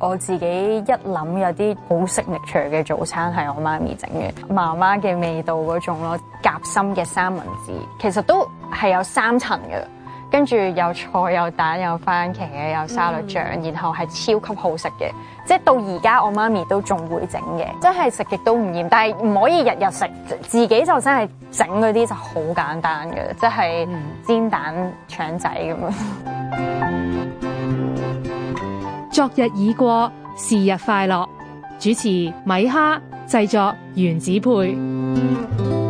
我自己一諗有啲好食力除嘅早餐係我媽咪整嘅，媽媽嘅味道嗰種咯，夾心嘅三文治其實都係有三層嘅，跟住有菜、有蛋、有番茄、有沙律醬，然後係超級好食嘅，即係到而家我媽咪都仲會整嘅，真係食極都唔厭，但係唔可以日日食。自己就真係整嗰啲就好簡單嘅，即係煎蛋腸仔咁樣～昨日已過，是日快樂。主持米哈，製作原子配。